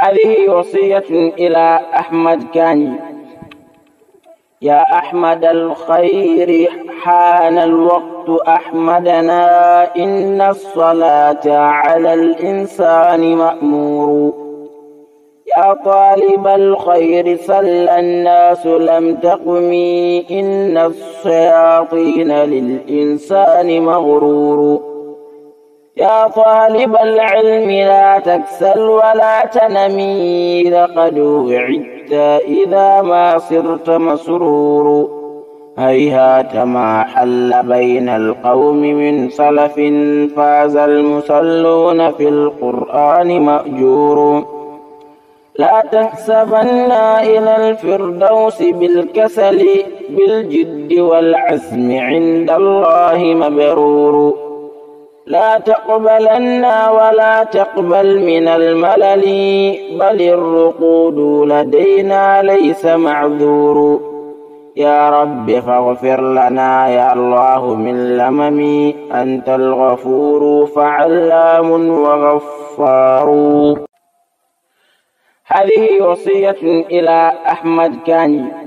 هذه وصية إلى أحمد كاني يا أحمد الخير حان الوقت أحمدنا إن الصلاة على الإنسان مأمور يا طالب الخير سل الناس لم تقمي إن الشياطين للإنسان مغرور يا طالب العلم لا تكسل ولا تنمي لقد وعدت إذا ما صرت مسرور هيهات ما حل بين القوم من سلف فاز المصلون في القرآن مأجور لا تحسبن إلى الفردوس بالكسل بالجد والعزم عند الله مبرور لا ولا تقبل من الملل بل الرقود لدينا ليس معذور يا رب فاغفر لنا يا الله من لممي أنت الغفور فعلام وغفار هذه وصية إلى أحمد كاني